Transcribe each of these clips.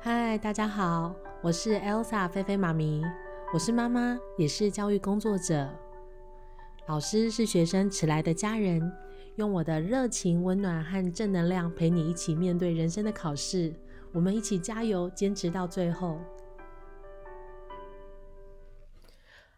嗨，Hi, 大家好，我是 Elsa 菲菲媽咪，我是媽媽，也是教育工作者，老師是學生遲來的家人，用我的熱情、溫暖和正能量陪你一起面對人生的考試，我們一起加油，堅持到最後。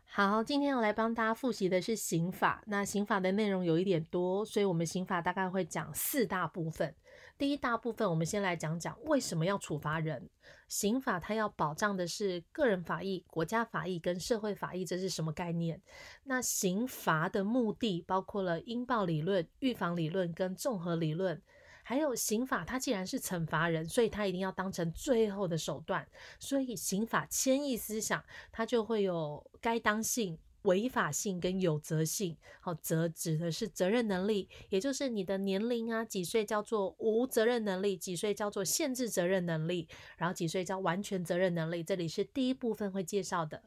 好，今天我來幫大家複習的是刑法，那刑法的內容有一點多，所以我們刑法大概會講四大部分。第一大部分，我們先來講講為什麼要處罰人。刑法它要保障的是個人法益、國家法益跟社會法益，這是什麼概念？那刑罰的目的包括了應報理論、預防理論跟綜合理論，還有刑法它既然是懲罰人，所以它一定要當成最後的手段，所以刑法謙抑思想它就會有該當性。違法性跟有責性，好、哦、責指的是責任能力，也就是你的年齡啊，幾歲叫做無責任能力，幾歲叫做限制責任能力，然後幾歲叫完全責任能力。這裡是第一部分會介紹的。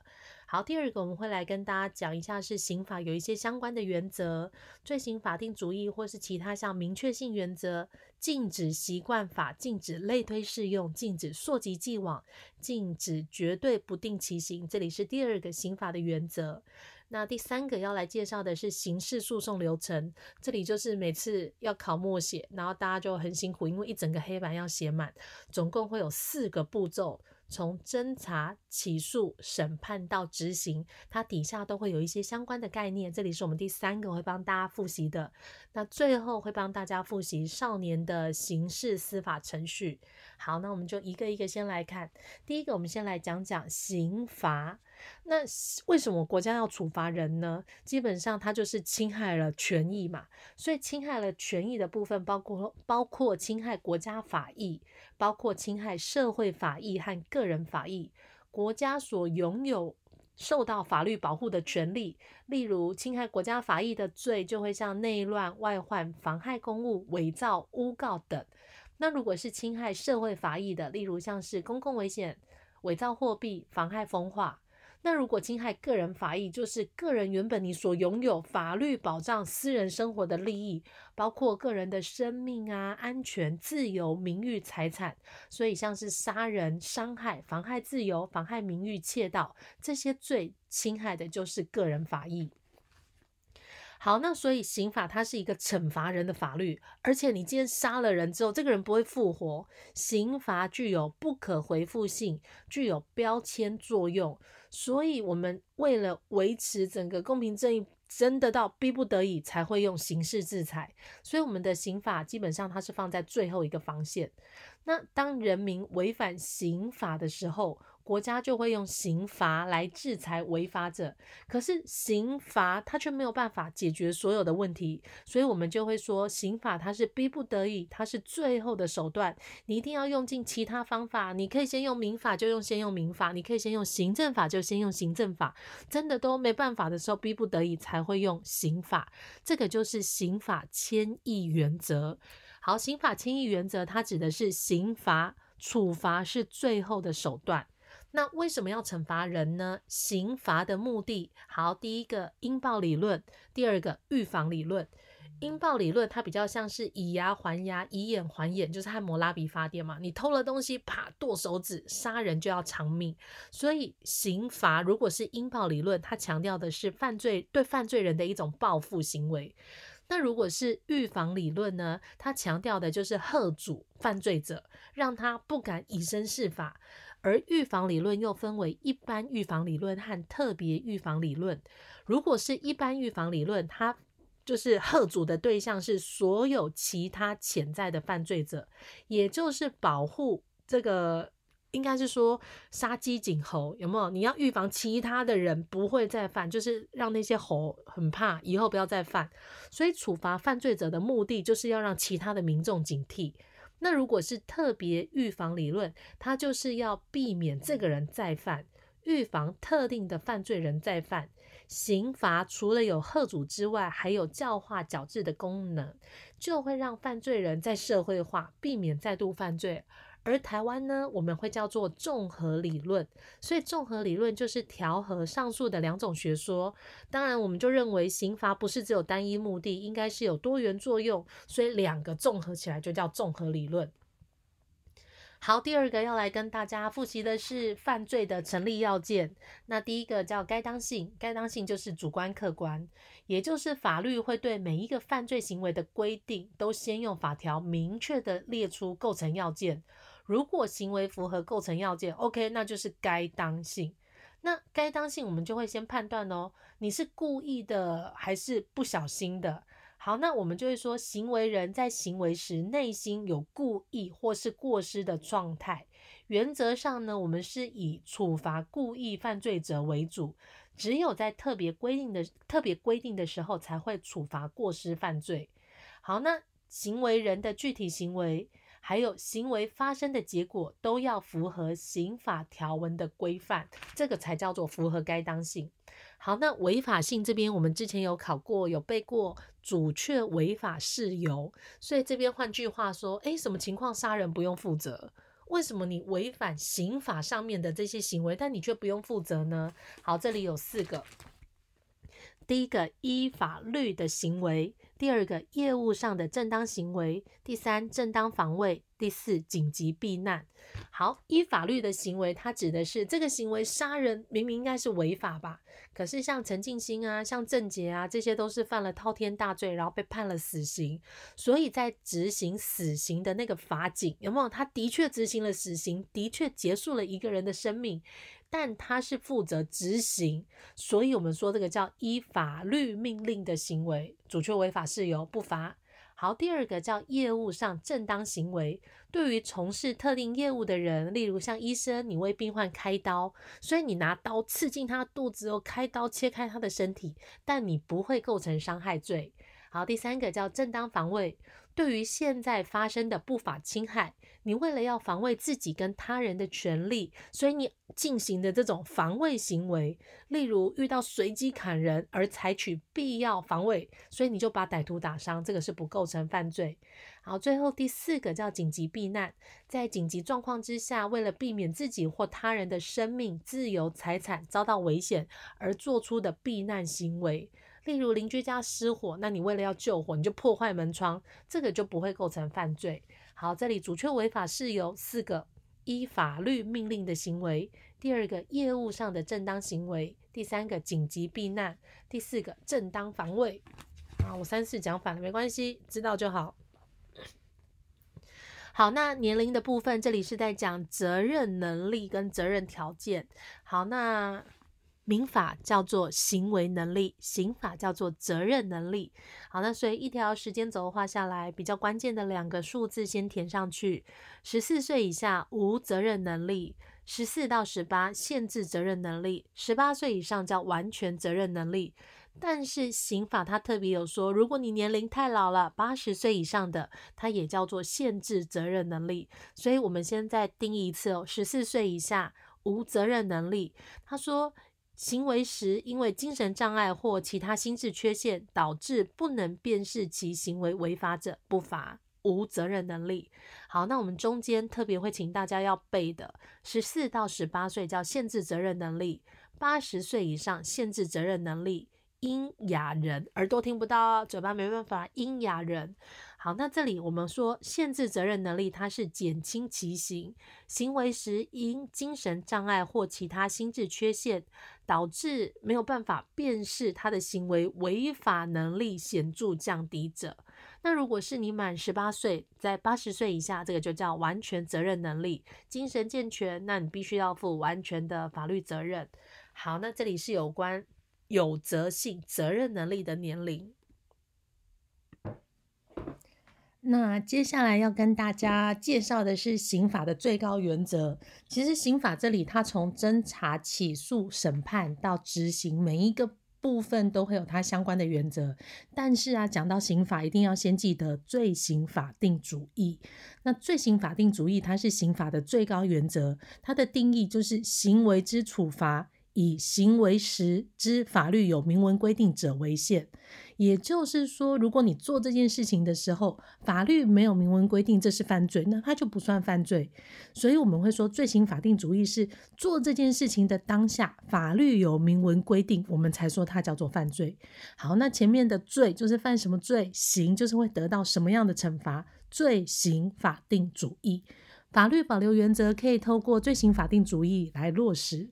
好，第二個我們會來跟大家講一下是刑法有一些相關的原則，罪刑法定主義，或是其他像明確性原則、禁止習慣法、禁止類推適用、禁止溯及既往、禁止絕對不定期刑。這裡是第二個刑法的原則。那第三個要來介紹的是刑事訴訟流程，這裡就是每次要考默寫，然後大家就很辛苦，因為一整個黑板要寫滿，總共會有四個步驟。從偵查、起訴、審判到執行，它底下都會有一些相關的概念。這裡是我們第三個會幫大家複習的，那最後會幫大家複習少年的刑事司法程序。好，那我們就一個一個先來看，第一個，我們先來講講刑罰。那為什麼國家要處罰人呢？基本上，他就是侵害了權益嘛。所以，侵害了權益的部分，包括包括侵害國家法益，包括侵害社會法益和個人法益。國家所擁有受到法律保護的權利，例如侵害國家法益的罪，就會像內亂、外患、妨害公務、偽造、誣告等。那如果是侵害社會法益的，例如像是公共危險、偽造貨幣、妨害風化。那如果侵害個人法益，就是個人原本你所擁有法律保障私人生活的利益，包括個人的生命啊、安全、自由、名譽、財產。所以像是殺人、傷害、妨害自由、妨害名譽、竊盜這些罪，侵害的就是個人法益。好，那所以刑法它是一個懲罰人的法律，而且你今天殺了人之後，這個人不會復活，刑罰具有不可回復性，具有標籤作用。所以，我們為了維持整個公平正義，真的到逼不得已才會用刑事制裁。所以，我們的刑法基本上它是放在最後一個防線。那當人民違反刑法的時候，國家就會用刑罰來制裁違法者，可是刑罰它却沒有辦法解決所有的問題，所以我們就會說，刑法它是逼不得已，它是最後的手段。你一定要用盡其他方法，你可以先用民法就用，先用民法；你可以先用行政法就先用行政法。真的都沒辦法的時候，逼不得已才會用刑法。這個就是刑法謙抑原則。好，刑法謙抑原則它指的是刑罰處罰是最後的手段。那為什麼要懲罰人呢？刑罰的目的，好，第一個應報理論，第二個預防理論。應報理論它比較像是以牙還牙，以眼還眼，就是漢摩拉比法典嘛，你偷了東西，啪剁手指；殺人就要償命。所以刑罰如果是應報理論，它強調的是犯罪對犯罪人的一種報復行為。那如果是預防理論呢？它強調的就是嚇阻犯罪者，讓他不敢以身試法。.而預防理論又分為一般預防理論和特別預防理論。如果是一般預防理論，它就是嚇阻的對象是所有其他潛在的犯罪者，也就是保護這個，應該是說殺雞儆猴，有沒有？你要預防其他的人不會再犯，就是讓那些猴很怕，以後不要再犯。所以處罰犯罪者的目的就是要讓其他的民眾警惕。那如果是特別預防理論，它就是要避免這個人再犯，預防特定的犯罪人再犯。刑罰除了有嚇阻之外，還有教化矯治的功能，就會讓犯罪人再社會化，避免再度犯罪。而台灣呢，我們會叫做綜合理論，所以綜合理論就是調和上述的兩種學說。當然，我們就認為刑罰不是只有單一目的，應該是有多元作用，所以兩個綜合起來就叫綜合理論。好，第二個要來跟大家複習的是犯罪的成立要件。那第一個叫該當性，該當性就是主觀客觀，也就是法律會對每一個犯罪行為的規定，都先用法條明確的列出構成要件。如果行為符合構成要件，OK，那就是該當性。那該當性，我們就會先判斷哦，你是故意的還是不小心的。好，那我們就會說，行為人在行為時內心有故意或是過失的狀態。原則上呢，我們是以處罰故意犯罪者為主，只有在特別規定的、特別規定的時候才會處罰過失犯罪。好，那行為人的具體行為。還有行為發生的結果都要符合刑法條文的規範，這個才叫做符合該當性。好，那違法性這邊我們之前有考過，有背過阻卻違法事由，所以這邊換句話說，哎，什麼情況殺人不用負責？為什麼你違反刑法上面的這些行為，但你卻不用負責呢？好，這裡有四個，第一個，依法律的行為。第二個，業務上的正當行為，第三，正當防衛。第四，緊急避難。好，依法律的行為，它指的是這個行為殺人，明明應該是違法吧？可是像陳進興啊，像鄭捷啊，這些都是犯了滔天大罪，然後被判了死刑。所以在執行死刑的那個法警，有沒有？他的確執行了死刑，的確結束了一個人的生命，但他是負責執行，所以我們說這個叫依法律命令的行為，阻卻違法事由不罰。好，第二個叫業務上正當行為，對於從事特定業務的人，例如像醫生，你為病患開刀，所以你拿刀刺進他的肚子哦，開刀切開他的身體，但你不會構成傷害罪。好，第三個叫正當防衛，對於現在發生的不法侵害，你為了要防衛自己跟他人的權利，所以你進行的這種防衛行為，例如遇到隨機砍人而採取必要防衛，所以你就把歹徒打傷，這個是不構成犯罪。好，最後第四個叫緊急避難，在緊急狀況之下，為了避免自己或他人的生命、自由、財產遭到危險而做出的避難行為。例如鄰居家失火，那你為了要救火，你就破壞門窗，這個就不會構成犯罪。好，這裡阻卻違法事由四個：依法律命令的行為；第二個業務上的正當行為；第三個緊急避難；第四個正當防衛。啊，我三四講反了，沒關係，知道就好。好，那年齡的部分，這裡是在講責任能力跟責任條件。好，那。民法叫做行為能力，刑法叫做責任能力。好，那所以一條時間軸畫下來，比較關鍵的兩個數字先填上去：十四歲以下無責任能力，十四到十八限制責任能力，十八歲以上叫完全責任能力。但是刑法它特別有說，如果你年齡太老了，八十歲以上的，它也叫做限制責任能力。所以我們先再定一次哦，十四歲以下無責任能力，他說。行為時，因為精神障礙或其他心智缺陷導致不能辨識其行為違法者不，不罰無責任能力。好，那我們中間特別會請大家要背的，十四到十八歲叫限制責任能力，八十歲以上限制責任能力。喑啞人，耳朵聽不到哦，嘴巴沒辦法，喑啞人。好，那這裡我們說限制責任能力，它是減輕其刑，行為時因精神障礙或其他心智缺陷，導致沒有辦法辨識他的行為違法，能力顯著降低者。那如果是你滿十八歲，在八十歲以下，這個就叫完全責任能力，精神健全，那你必須要負完全的法律責任。好，那這裡是有關有責性責任能力的年齡。那接下來要跟大家介紹的是刑法的最高原則。其實刑法這裡，它從偵查、起訴、審判到執行，每一個部分都會有它相關的原則。但是啊，講到刑法，一定要先記得罪刑法定主義。那罪刑法定主義，它是刑法的最高原則。它的定義就是：行為之處罰，以行為時之法律有明文規定者為限。也就是說，如果你做這件事情的時候，法律沒有明文規定這是犯罪，那它就不算犯罪。所以我們會說，罪刑法定主義是做這件事情的當下法律有明文規定，我們才說它叫做犯罪。好，那前面的罪就是犯什麼罪，刑就是會得到什麼樣的懲罰。罪刑法定主義、法律保留原則可以透過罪刑法定主義來落實。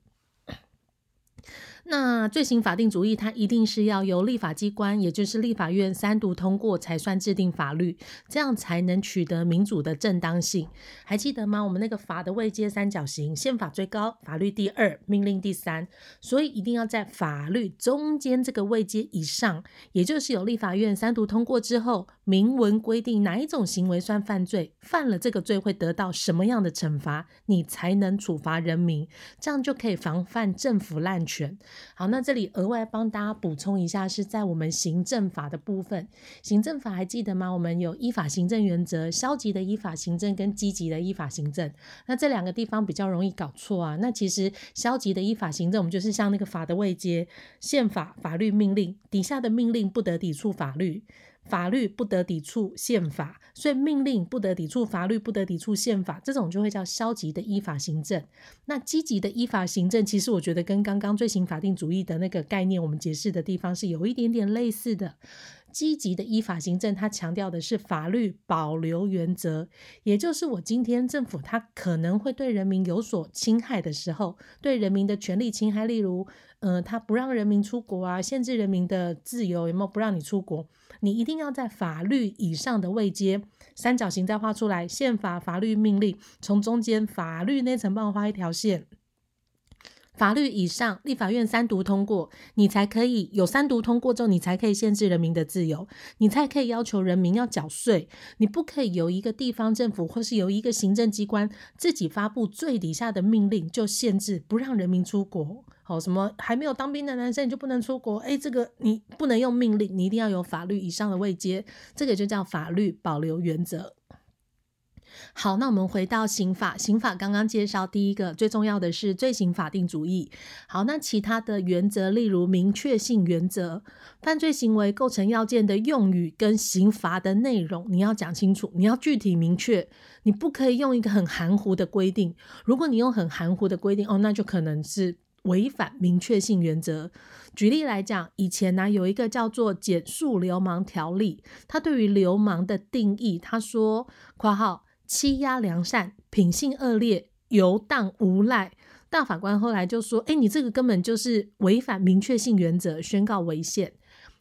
那罪刑法定主義，它一定是要由立法機關，也就是立法院三讀通過，才算制定法律，這樣才能取得民主的正當性。還記得嗎？我們那個法的位階三角形，憲法最高，法律第二，命令第三。所以一定要在法律中間這個位階以上，也就是由立法院三讀通過之後，明文規定哪一種行為算犯罪，犯了這個罪會得到什麼樣的懲罰，你才能處罰人民，這樣就可以防範政府濫權。好，那這裡額外幫大家補充一下，是在我們行政法的部分。行政法還記得嗎？我們有依法行政原則，消極的依法行政跟積極的依法行政。那這兩個地方比較容易搞錯啊。那其實消極的依法行政，我們就是像那個法的位階，憲法、法律、命令底下的命令不得抵觸法律，法律不得抵觸憲法，所以命令不得抵觸法律，不得抵觸憲法，這種就會叫消極的依法行政。那積極的依法行政，其實我覺得跟剛剛罪刑法定主義的那個概念，我們解釋的地方是有一點點類似的。積極的依法行政，它強調的是法律保留原則，也就是我今天政府它可能會對人民有所侵害的時候，對人民的權利侵害，例如，呃，它不讓人民出國啊，限制人民的自由，有沒有不讓你出國？你一定要在法律以上的位階三角形再畫出來，憲法、法律、命令，從中間法律那層幫我畫一條線。法律以上，立法院三讀通過，你才可以有三讀通過之後，你才可以限制人民的自由，你才可以要求人民要繳稅，你不可以由一個地方政府或是由一個行政機關自己發布最底下的命令就限制不讓人民出國，好，什麼還沒有當兵的男生你就不能出國？誒，這個你不能用命令，你一定要有法律以上的位階，這個就叫法律保留原則。好，那我們回到刑法。刑法剛剛介紹第一個最重要的是罪刑法定主義。好，那其他的原則，例如明確性原則，犯罪行為構成要件的用語跟刑罰的內容，你要講清楚，你要具體明確，你不可以用一個很含糊的規定。如果你用很含糊的規定，哦，那就可能是違反明確性原則。舉例來講，以前呢、啊、有一個叫做《檢肅流氓條例》，它對於流氓的定義，他說（括號）。欺壓良善、品性惡劣、遊蕩無賴，大法官後來就說：“哎、欸，你這個根本就是違反明確性原則，宣告違憲。”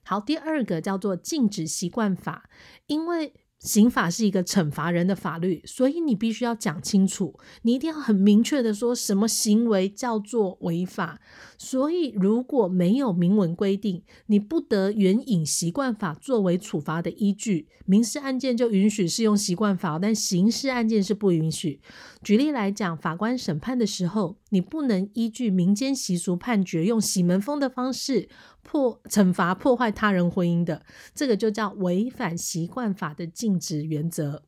好，第二個叫做禁止習慣法，因為，刑法是一個懲罰人的法律，所以你必須要講清楚，你一定要很明確的說什麼行為叫做違法。所以如果沒有明文規定，你不得援引習慣法作為處罰的依據。民事案件就允許適用習慣法，但刑事案件是不允許。舉例來講，法官審判的時候，你不能依據民間習俗判決，用洗門風的方式。破懲罰破壞他人婚姻的，這個就叫違反習慣法的禁止原則。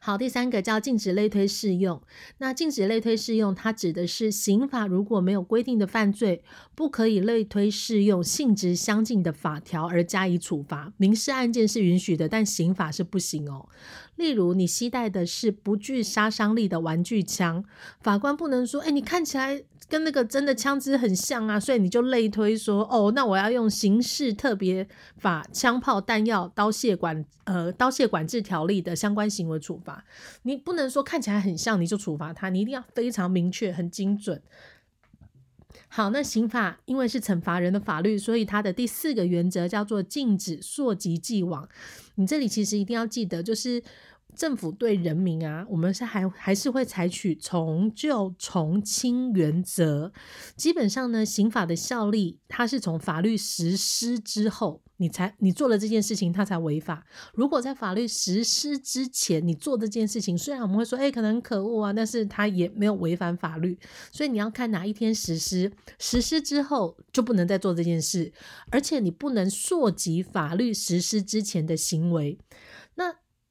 好，第三個叫禁止類推適用。那禁止類推適用，它指的是刑法如果沒有規定的犯罪，不可以類推適用性質相近的法條而加以處罰。民事案件是允許的，但刑法是不行哦。例如，你攜帶的是不具殺傷力的玩具槍，法官不能說：“哎、欸，你看起來。”跟那個真的槍支很像啊，所以你就類推說，哦，那我要用刑事特別法槍炮彈藥刀械管，呃，刀械管制條例的相關行為處罰。你不能說看起來很像，你就處罰他，你一定要非常明確、很精準。好，那刑法因為是懲罰人的法律，所以它的第四個原則叫做禁止溯及既往。你這裡其實一定要記得，就是。政府對人民啊，我們是還還是會採取從舊從輕原則。基本上呢，刑法的效力它是從法律實施之後，你才你做了這件事情，它才違法。如果在法律實施之前你做這件事情，雖然我們會說，誒，欸，可能很可惡啊，但是它也沒有違反法律。所以你要看哪一天實施，實施之後就不能再做這件事，而且你不能溯及法律實施之前的行為。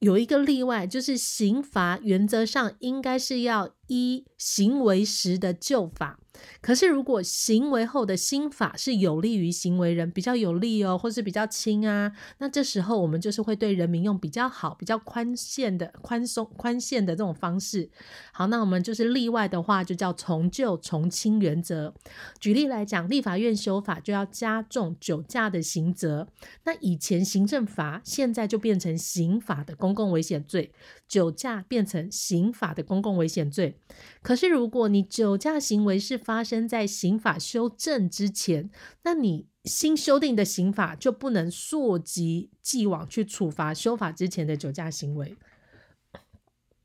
有一個例外，就是刑罰原則上應該是要依行為時的舊法。可是，如果行為後的新法是有利於行為人，比較有利哦，或是比較輕啊，那這時候我們就是會對人民用比較好、比較寬限的寬鬆、寬限的這種方式。好，那我們就是例外的話，就叫從舊從輕原則。舉例來講，立法院修法就要加重酒駕的刑責。那以前行政法現在就變成刑法的公共危險罪，酒駕變成刑法的公共危險罪。可是，如果你酒駕行為是發生在刑法修正之前，那你新修訂的刑法就不能溯及既往去處罰修法之前的酒駕行為。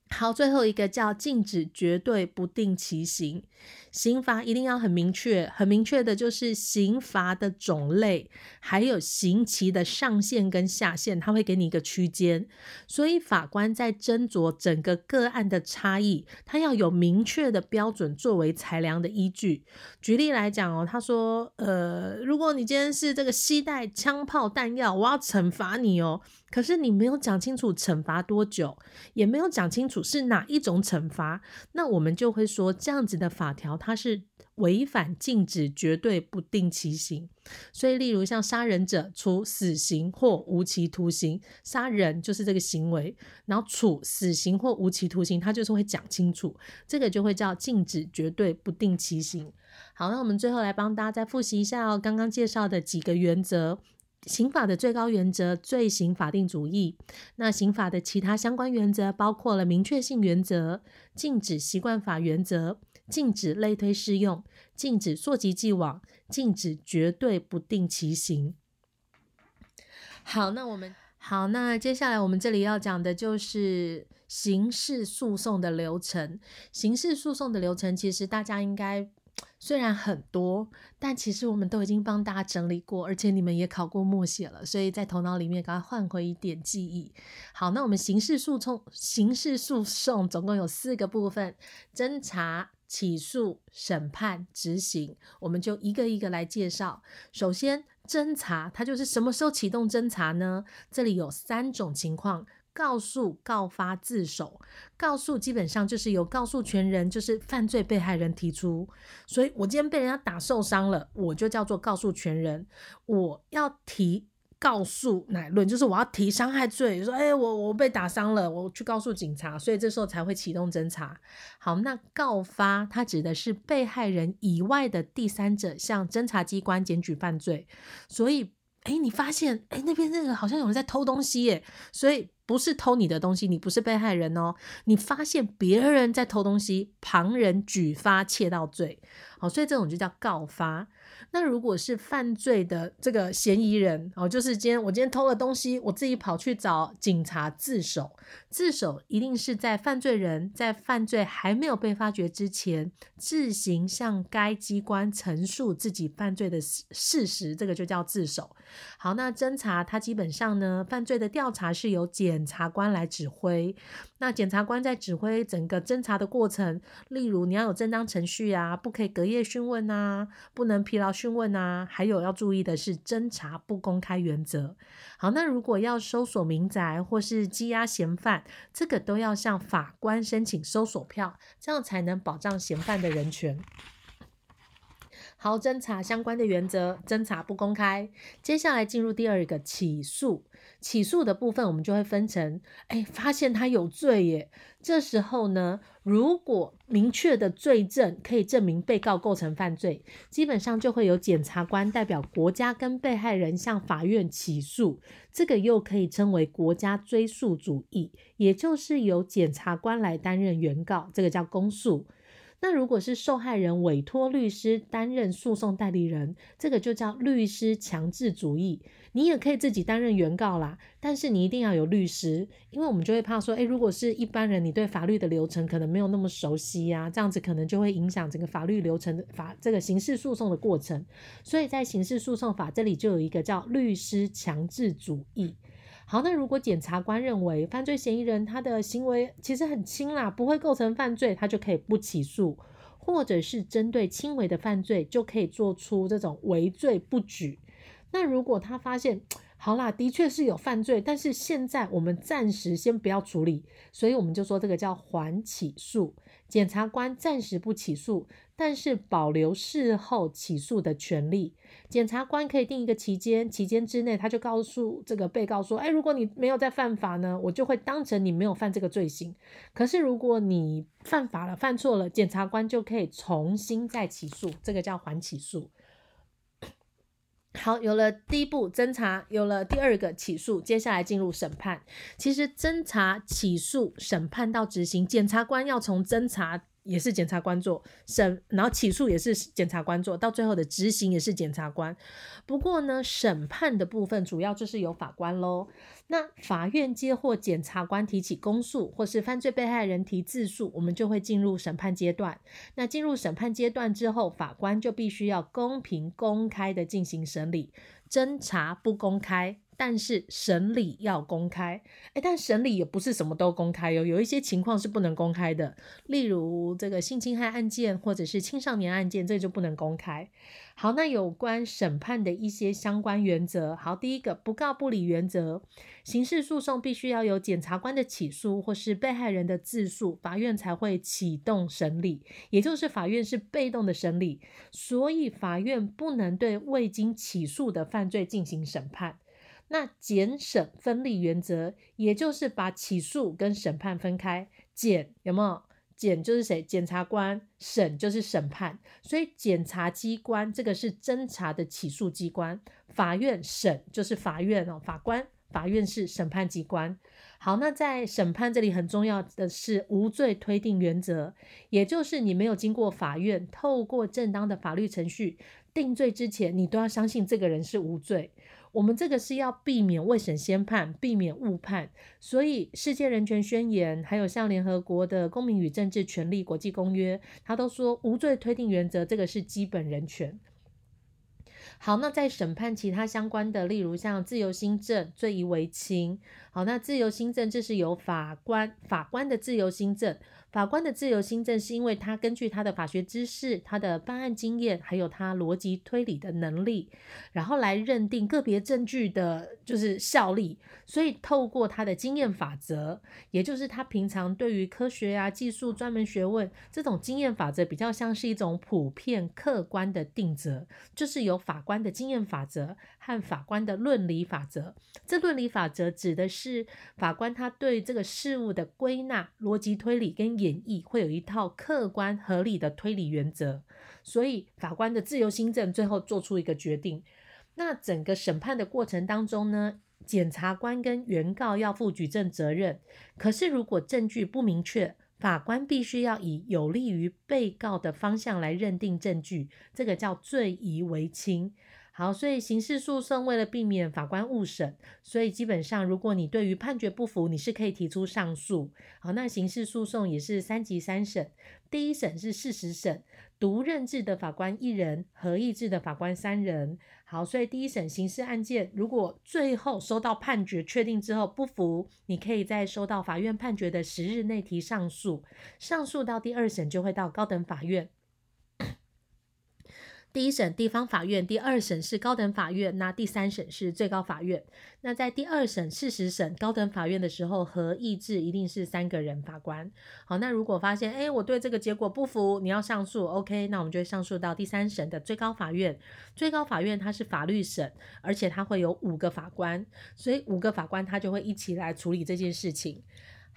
好，最後一個叫禁止絕對不定期刑，刑罰一定要很明確，很明確的，就是刑罰的種類，還有刑期的上限跟下限，它會給你一個區間。所以法官在斟酌整個個案的差異，他要有明確的標準作為裁量的依據。舉例來講哦，他說，呃，如果你今天是這個攜帶槍炮彈藥，我要懲罰你哦。可是你沒有講清楚懲罰多久，也沒有講清楚是哪一種懲罰，那我們就會說這樣子的法條它，是違反禁止絕對不定期刑。所以例如像殺人者處死刑或無期徒刑，殺人就是這個行為，然後處死刑或無期徒刑，它就是會講清楚，這個就會叫禁止絕對不定期刑。好，那我們最後來幫大家再複習一下哦，剛剛介紹的幾個原則。刑法的最高原則——罪刑法定主義。那刑法的其他相關原則包括了明確性原則、禁止習慣法原則、禁止類推適用、禁止溯及既往、禁止絕對不定期刑。好，那我們好，那接下來我們這裡要講的就是刑事訴訟的流程。刑事訴訟的流程，其實大家應該。雖然很多，但其實我們都已經幫大家整理過，而且你們也考過默寫了，所以在頭腦裡面趕快換回一點記憶。好，那我們刑事訴訟，刑事訴訟總共有四個部分：偵查、起訴、審判、執行。我們就一個一個來介紹。首先，偵查，它就是什麼時候啟動偵查呢？這裡有三種情況。告訴、告發、自首、告訴，基本上就是由告訴權人，就是犯罪被害人提出。所以我今天被人家打受傷了，我就叫做告訴權人，我要提告訴乃論，就是我要提傷害罪，說哎、欸，我我被打傷了，我去告訴警察，所以這時候才會啟動偵查。好，那告發它指的是被害人以外的第三者向偵查機關檢舉犯罪，所以。哎，你發現哎，那邊那個好像有人在偷東西耶，所以不是偷你的東西，你不是被害人哦，你發現別人在偷東西，旁人舉發竊盜罪，好，所以這種就叫告發。那如果是犯罪的這個嫌疑人哦，就是今天我今天偷了東西，我自己跑去找警察自首。自首一定是在犯罪人在犯罪還沒有被發覺之前，自行向該機關陳述自己犯罪的事實，這個就叫自首。好，那偵查他基本上呢，犯罪的調查是由檢察官來指揮。那檢察官在指揮整個偵查的過程，例如你要有正當程序啊，不可以隔夜訊問啊，不能疲勞訊問啊，還有要注意的是偵查不公開原則。好，那如果要搜索民宅或是羈押嫌犯，這個都要向法官申請搜索票，這樣才能保障嫌犯的人權。好，偵查相關的原則，偵查不公開。接下來進入第二個起訴。起訴的部分，我們就會分成，哎，發現他有罪耶。這時候呢，如果明確的罪證可以證明被告構成犯罪，基本上就會由檢察官代表國家跟被害人向法院起訴，這個又可以稱為國家追訴主義，也就是由檢察官來擔任原告，這個叫公訴。那如果是受害人委託律師擔任訴訟代理人，這個就叫律師強制主義。你也可以自己擔任原告啦，但是你一定要有律師，因為我們就會怕說，誒，如果是一般人，你對法律的流程可能沒有那麼熟悉呀，這樣子可能就會影響整個法律流程的法，這個刑事訴訟的過程。所以在刑事訴訟法這裡就有一個叫律師強制主義。好，那如果檢察官認為犯罪嫌疑人，他的行為其實很輕啦，不會構成犯罪，他就可以不起訴，或者是針對輕微的犯罪就可以做出這種微罪不舉。那如果他發現好啦，的確是有犯罪，但是現在我們暫時先不要處理，所以我們就說這個叫緩起訴。檢察官暫時不起訴，但是保留事後起訴的權利。檢察官可以定一個期間，期間之內他就告訴這個被告說：“哎、欸，如果你沒有再犯法呢，我就會當成你沒有犯這個罪行。可是如果你犯法了、犯錯了，檢察官就可以重新再起訴，這個叫緩起訴。”好，有了第一步偵查，有了第二個起訴，接下來進入審判。其實偵查、起訴、審判到執行，檢察官要從偵查。也是檢察官做審，然後起訴也是檢察官做，到最後的執行也是檢察官。不過呢，審判的部分主要就是由法官嘍。那法院接獲檢察官提起公訴，或是犯罪被害人提自訴，我們就會進入審判階段。那進入審判階段之後，法官就必須要公平公開的進行審理，偵查不公開。但是審理要公開，哎，但審理也不是什麼都公開喲、哦，有一些情況是不能公開的，例如這個性侵害案件或者是青少年案件，這就不能公開。好，那有關審判的一些相關原則，好，第一個不告不理原則，刑事訴訟必須要有檢察官的起訴或是被害人的自訴，法院才會啟動審理，也就是法院是被動的審理，所以法院不能對未經起訴的犯罪進行審判。那檢審分立原則，也就是把起訴跟審判分開。檢有沒有？檢就是誰？檢察官。審就是審判。所以檢察機關這個是偵查的起訴機關，法院審就是法院哦，法官，法院是審判機關。好，那在審判這裡很重要的是無罪推定原則，也就是你沒有經過法院透過正當的法律程序定罪之前，你都要相信這個人是無罪。我們這個是要避免未審先判，避免誤判。所以《世界人權宣言》還有像聯合國的《公民與政治權利國際公約》，他都說無罪推定原則，這個是基本人權。好，那在審判其他相關的，例如像自由心證、罪疑惟輕。好，那自由心證這是由法官，法官的自由心證。法官的自由心證是因為他根據他的法學知識、他的辦案經驗，還有他邏輯推理的能力，然後來認定個別證據的就是效力。所以，透過他的經驗法則，也就是他平常對於科學啊、技術專門學問這種經驗法則，比較像是一種普遍客觀的定則，就是由法官的經驗法則和法官的論理法則。這論理法則指的是法官他對這個事物的歸納、邏輯推理跟演。演會有一套客觀合理的推理原則，所以法官的自由心證最後做出一個決定。那整個審判的過程當中呢，檢察官跟原告要負舉證責任。可是如果證據不明確，法官必須要以有利於被告的方向來認定證據，這個叫罪疑為輕。好，所以刑事訴訟為了避免法官誤審，所以基本上如果你對於判決不服，你是可以提出上訴。好，那刑事訴訟也是三級三審，第一審是事實審，獨任制的法官一人，合議制的法官三人。好，所以第一審刑事案件如果最後收到判決確定之後不服，你可以在收到法院判決的十日內提上訴。上訴到第二審就會到高等法院。第一審地方法院，第二審是高等法院，那第三審是最高法院。那在第二審事實審高等法院的時候，合議制一定是三個人法官。好，那如果發現哎，我對這個結果不服，你要上訴，OK，那我們就上訴到第三審的最高法院。最高法院它是法律審，而且它會有五個法官，所以五個法官他就會一起來處理這件事情。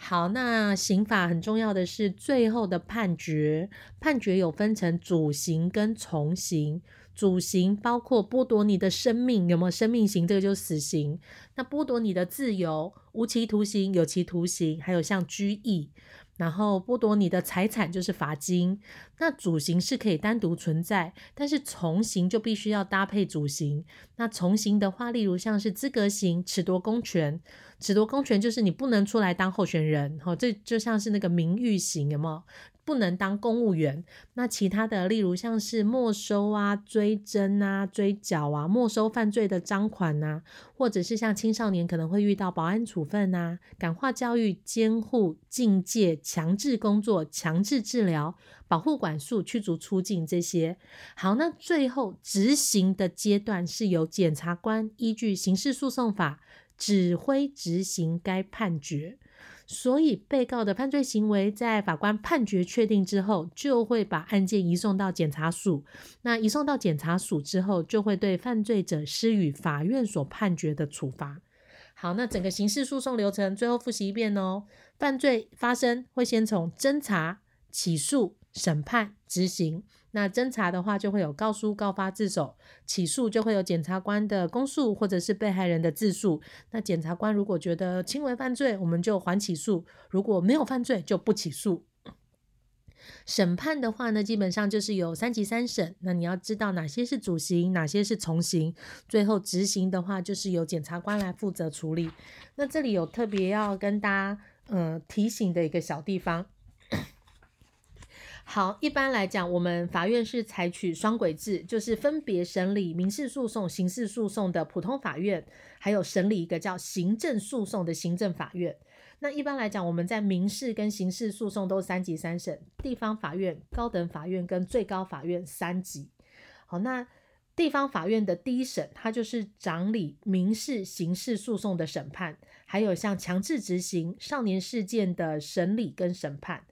好，那刑法很重要的是最後的判決，判決有分成主刑跟從刑。主刑包括剝奪你的生命，有沒有生命刑？這個就是死刑。那剝奪你的自由，無期徒刑、有期徒刑，還有像拘役。然後剝奪你的財產就是罰金。那主刑是可以單獨存在，但是從刑就必須要搭配主刑。那從刑的話，例如像是資格刑、褫奪公權。褫奪公權就是你不能出來當候選人，吼，這就像是那個名譽刑，有沒有？不能當公務員。那其他的，例如像是沒收啊、追徵啊、追繳啊、沒收犯罪的贓款啊，或者是像青少年可能會遇到保安處分啊、感化教育、監護、禁戒、強制工作、強制治療、保護管束、驅逐出境這些。好，那最後執行的階段是由檢察官依據刑事訴訟法。指揮執行該判決，所以被告的犯罪行為在法官判決確定之後，就會把案件移送到檢察署。那移送到檢察署之後，就會對犯罪者施予法院所判決的處罰。好，那整個刑事訴訟流程最後複習一遍哦。犯罪發生會先從偵查、起訴。審判執行，那偵查的話就會有告訴、告發、自首。起訴就會有檢察官的公訴，或者是被害人的自訴。那檢察官如果覺得輕微犯罪，我們就還起訴；如果沒有犯罪，就不起訴。審判的話呢，基本上就是有三級三審。那你要知道哪些是主刑，哪些是從刑。最後執行的話，就是由檢察官來負責處理。那這裡有特別要跟大家，嗯、呃，提醒的一個小地方。好，一般來講，我們法院是採取雙軌制，就是分別審理民事訴訟、刑事訴訟的普通法院，還有審理一個叫行政訴訟的行政法院。那一般來講，我們在民事跟刑事訴訟都三級三審，地方法院、高等法院跟最高法院三級。好，那地方法院的第一審，它就是掌理民事、刑事訴訟的審判，還有像強制執行、少年事件的審理跟審判。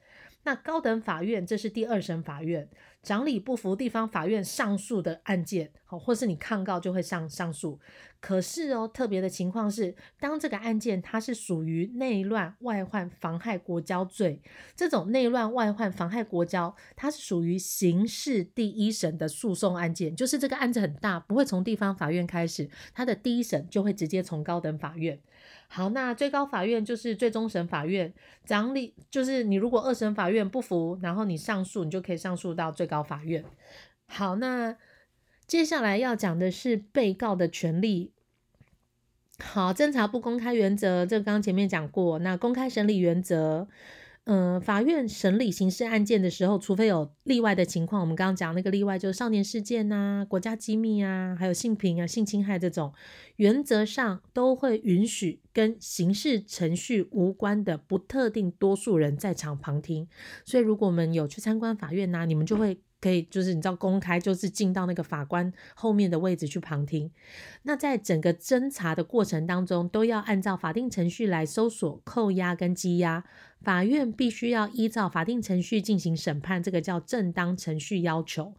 那高等法院，這是第二審法院，掌理不服地方法院上訴的案件，好，或是你抗告就會上上訴。可是哦，特別的情況是，當這個案件它是屬於內亂外患妨害國交罪，這種內亂外患妨害國交，它是屬於刑事第一審的訴訟案件，就是這個案子很大，不會從地方法院開始，它的第一審就會直接從高等法院。好，那最高法院就是最終審法院，長理就是你如果二審法院不服，然後你上訴，你就可以上訴到最高法院。好，那。接下來要講的是被告的權利。好，偵查不公開原則，這個剛剛前面講過。那公開審理原則，嗯、呃，法院審理刑事案件的時候，除非有例外的情況，我們剛剛講那個例外就是少年事件吶、啊、國家機密啊、還有性平啊、性侵害這種，原則上都會允許跟刑事程序無關的不特定多數人在場旁聽。所以，如果我們有去參觀法院吶、啊，你們就會。可以，就是你知道，公開就是進到那個法官後面的位置去旁聽。那在整個偵查的過程當中，都要按照法定程序來搜索、扣押跟羈押。法院必須要依照法定程序進行審判，這個叫正當程序要求。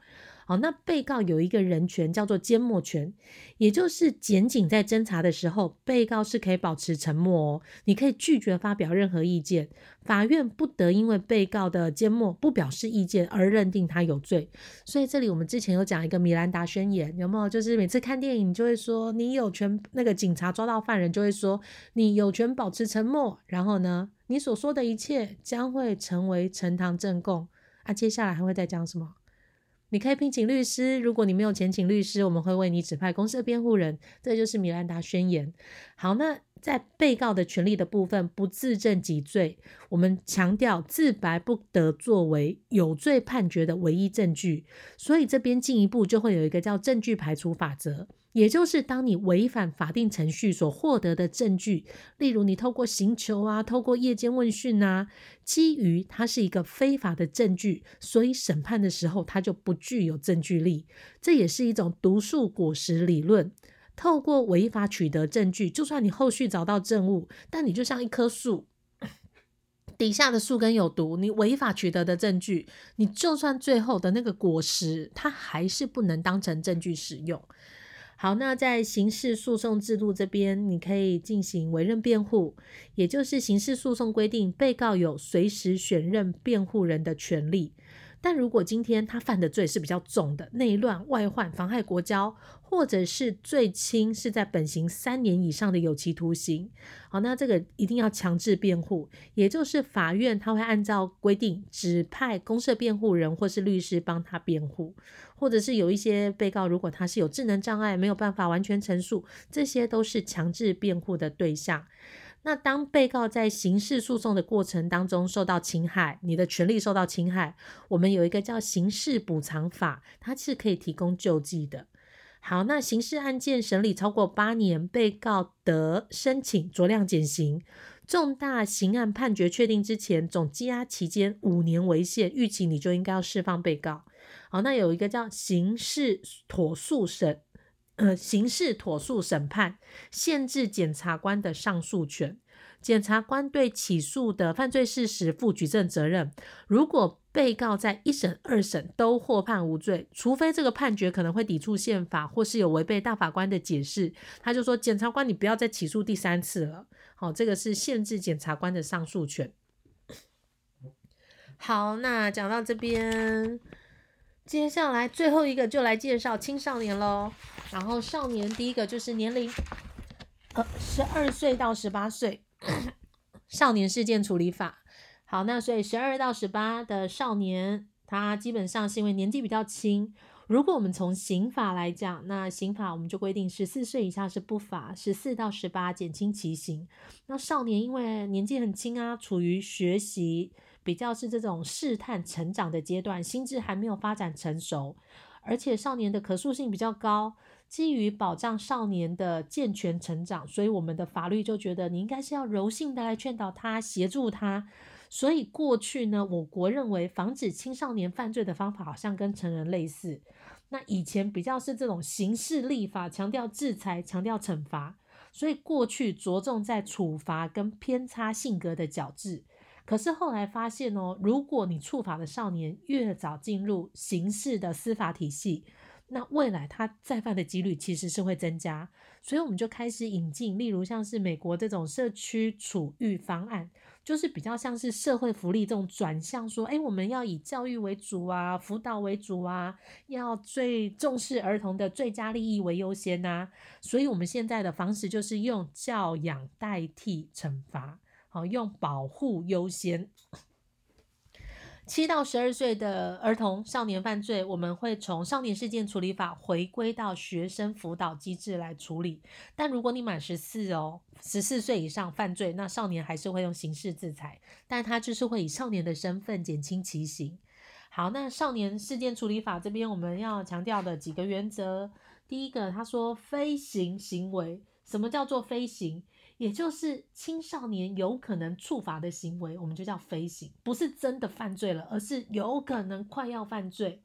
好、哦，那被告有一個人權叫做緘默權，也就是檢警在偵查的時候，被告是可以保持沉默哦，你可以拒絕發表任何意見，法院不得因為被告的緘默不表示意見而認定他有罪。所以這裡我們之前有講一個米蘭達宣言，有沒有？就是每次看電影就會說你有權，那個警察抓到犯人就會說你有權保持沉默，然後呢，你所說的一切將會成為呈堂證供。啊，接下來還會再講什麼？你可以聘請律師。如果你沒有錢請律師，我們會為你指派公設辯護人。這就是米蘭達宣言。好，那。在被告的權利的部分，不自證己罪，我們強調自白不得作為有罪判決的唯一證據。所以這邊進一步就會有一個叫證據排除法則，也就是當你違反法定程序所獲得的證據，例如你透過刑求啊，透過夜間問訊啊，基於它是一個非法的證據，所以審判的時候它就不具有證據力。這也是一種毒樹果實理論。透過違法取得證據，就算你後續找到證物，但你就像一棵樹，底下的樹根有毒，你違法取得的證據，你就算最後的那個果實，它還是不能當成證據使用。好，那在刑事訴訟制度這邊，你可以進行委任辯護，也就是刑事訴訟規定，被告有隨時選任辯護人的權利。但如果今天他犯的罪是比較重的，內亂、外患、妨害國交，或者是最輕是在本刑三年以上的有期徒刑，好，那這個一定要強制辯護，也就是法院他會按照規定指派公設辯護人或是律師幫他辯護，或者是有一些被告，如果他是有智能障礙沒有辦法完全陳述，這些都是強制辯護的對象。那當被告在刑事訴訟的過程當中受到侵害，你的權利受到侵害，我們有一個叫刑事補償法，它是可以提供救濟的。好，那刑事案件審理超過八年，被告得申請酌量減刑。重大刑案判決確定之前，總羈押期間五年為限，逾期你就應該要釋放被告。好，那有一個叫刑事妥速審。呃，刑事妥速審判限制檢察官的上訴權，檢察官對起訴的犯罪事實負舉證責任。如果被告在一審、二審都獲判無罪，除非這個判決可能會抵觸憲法或是有違背大法官的解釋，他就說：“檢察官，你不要再起訴第三次了。”哦，好，這個是限制檢察官的上訴權。好，那講到這邊。接下來最後一個就來介紹青少年嘍，然後少年第一個就是年齡，呃，十二歲到十八歲，呵呵，少年事件處理法。好，那所以十二到十八的少年，他基本上是因為年紀比較輕，如果我們從刑法來講，那刑法我們就規定十四歲以下是不罰，十四到十八減輕其刑。那少年因為年紀很輕啊，處於學習。比較是這種試探成長的階段，心智還沒有發展成熟，而且少年的可塑性比較高。基於保障少年的健全成長，所以我們的法律就覺得你應該是要柔性的來勸導他，協助他。所以過去呢，我國認為防止青少年犯罪的方法好像跟成人類似。那以前比較是這種刑事立法強調制裁，強調懲罰，所以過去着重在處罰跟偏差性格的矯治。可是後來發現哦，如果你觸法的少年越早進入刑事的司法體系，那未來他再犯的幾率其實是會增加。所以我們就開始引進，例如像是美國這種社區處遇方案，就是比較像是社會福利這種轉向，說，誒、哎、我們要以教育為主啊，輔導為主啊，要最重視兒童的最佳利益為優先吶、啊。所以我們現在的方式就是用教養代替懲罰。好、哦，用保護優先。七到十二歲的兒童少年犯罪，我們會從少年事件處理法回歸到學生輔導機制來處理。但如果你滿十四哦，十四歲以上犯罪，那少年還是會用刑事制裁，但他就是會以少年的身份減輕其刑。好，那少年事件處理法這邊我們要強調的幾個原則，第一個，他說非行行為，什麼叫做非行？也就是青少年有可能觸法的行為，我們就叫非行，不是真的犯罪了，而是有可能快要犯罪。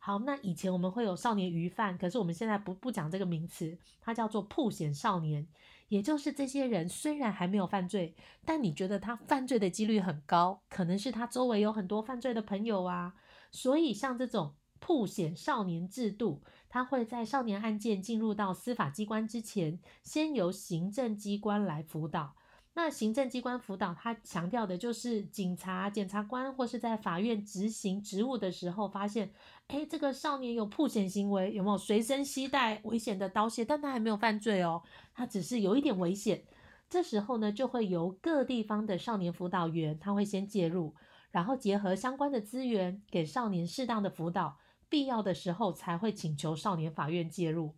好，那以前我們會有少年虞犯，可是我們現在不不講這個名詞，它叫做曝險少年，也就是這些人雖然還沒有犯罪，但你覺得他犯罪的幾率很高，可能是他周圍有很多犯罪的朋友啊，所以像這種曝險少年制度。他會在少年案件進入到司法機關之前，先由行政機關來輔導。那行政機關輔導，他強調的就是警察、檢察官或是在法院執行職務的時候，發現，哎，這個少年有曝險行為，有沒有隨身攜帶危險的刀械？但他還沒有犯罪哦，他只是有一點危險。這時候呢，就會由各地方的少年輔導員，他會先介入，然後結合相關的資源，給少年適當的輔導。必要的時候才會請求少年法院介入，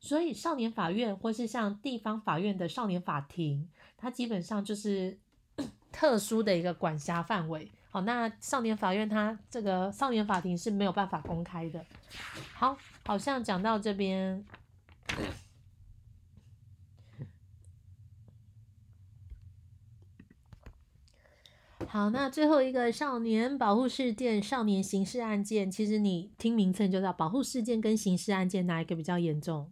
所以少年法院或是像地方法院的少年法庭，它基本上就是 特殊的一個管轄範圍。好，那少年法院它這個少年法庭是沒有辦法公開的。好，好像講到這邊。好，那最後一個少年保護事件、少年刑事案件，其實你聽名稱就知道，保護事件跟刑事案件哪一個比較嚴重？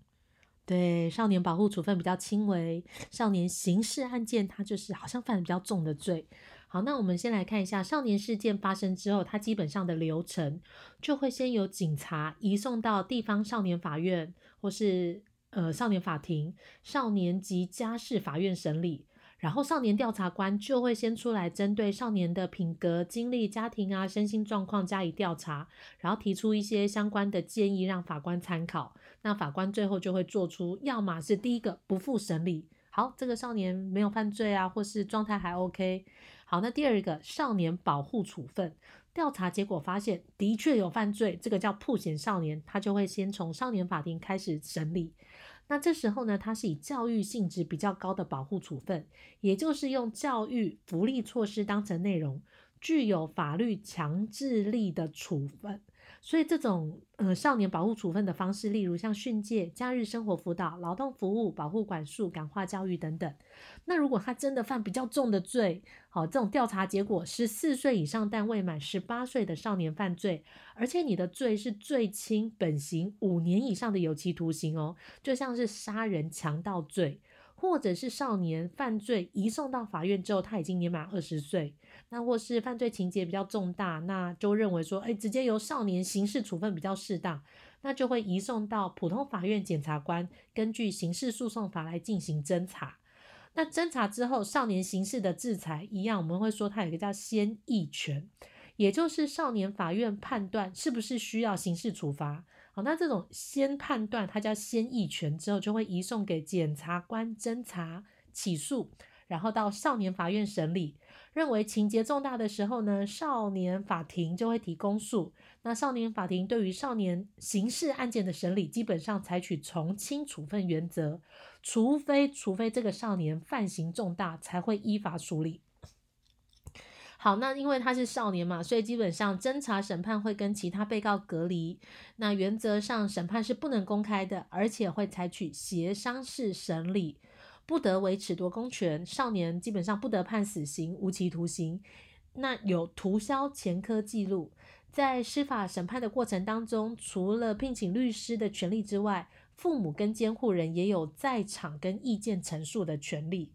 對，少年保護處分比較輕微，少年刑事案件它就是好像犯比較重的罪。好，那我們先來看一下少年事件發生之後，它基本上的流程就會先由警察移送到地方少年法院或是呃少年法庭、少年及家事法院審理。然後少年調查官就會先出來，針對少年的品格、經歷、家庭啊、身心狀況加以調查，然後提出一些相關的建議，讓法官參考。那法官最後就會做出，要麼是第一個不付審理，好，這個少年沒有犯罪啊，或是狀態還 OK。好，那第二個少年保護處分調查結果發現，的確有犯罪，這個叫曝險少年，他就會先從少年法庭開始審理。那這時候呢，它是以教育性質比較高的保護處分，也就是用教育福利措施當成內容，具有法律強制力的處分。所以這種呃少年保護處分的方式，例如像訓誡、假日生活輔導、勞動服務、保護管束、感化教育等等。那如果他真的犯比較重的罪，好，這種調查結果，十四歲以上但未滿十八歲的少年犯罪，而且你的罪是最輕本刑五年以上的有期徒刑哦，就像是殺人、強盜罪，或者是少年犯罪移送到法院之後他已經年滿二十歲。那或是犯罪情節比較重大，那就認為說，哎，直接由少年刑事處分比較適當，那就會移送到普通法院，檢察官根據刑事訴訟法來進行偵查。那偵查之後，少年刑事的制裁一樣，我們會說它有一個叫先議權，也就是少年法院判斷是不是需要刑事處罰。好，那這種先判斷，它叫先議權之後，就會移送給檢察官偵查起訴，然後到少年法院審理。認為情節重大的時候呢，少年法庭就會提公訴。那少年法庭對於少年刑事案件的審理，基本上採取從輕處分原則，除非除非這個少年犯行重大，才會依法處理。好，那因為他是少年嘛，所以基本上偵查審判會跟其他被告隔離。那原則上審判是不能公開的，而且會採取協商式審理。不得褫奪公權，少年基本上不得判死刑、無期徒刑。那有塗銷前科記錄，在司法審判的過程當中，除了聘請律師的權利之外，父母跟監護人也有在場跟意見陳述的權利。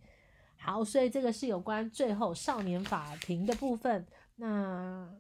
好，所以這個是有關最後少年法庭的部分。那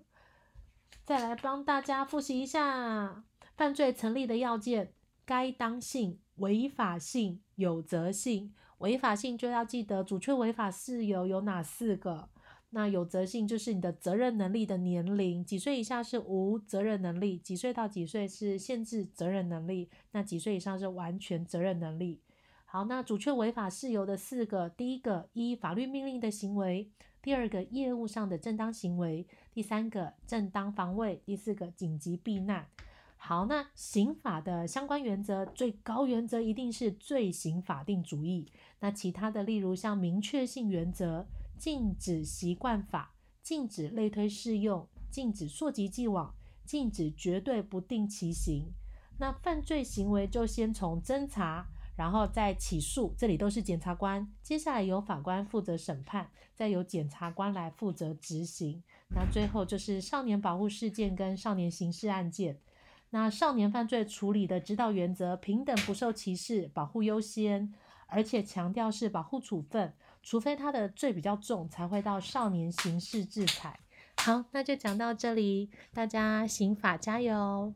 再來幫大家複習一下犯罪成立的要件：該當性、違法性、有責性。違法性就要記得阻卻違法事由有哪四個？那有責性就是你的責任能力的年齡，幾歲以下是無責任能力，幾歲到幾歲是限制責任能力，那幾歲以上是完全責任能力。好，那阻卻違法事由的四個：第一個，依法律命令的行為；第二個，業務上的正當行為；第三個，正當防衛；第四個，緊急避難。好，那刑法的相關原則，最高原則一定是罪刑法定主義。那其他的，例如像明確性原則、禁止習慣法、禁止類推適用、禁止溯及既往、禁止絕對不定期刑。那犯罪行為就先從偵查，然後再起訴，這裡都是檢察官。接下來由法官負責審判，再由檢察官來負責執行。那最後就是少年保護事件跟少年刑事案件。那少年犯罪處理的指導原則：平等、不受歧視、保護優先，而且強調是保護處分，除非他的罪比較重，才會到少年刑事制裁。好，那就講到這裡，大家刑法加油！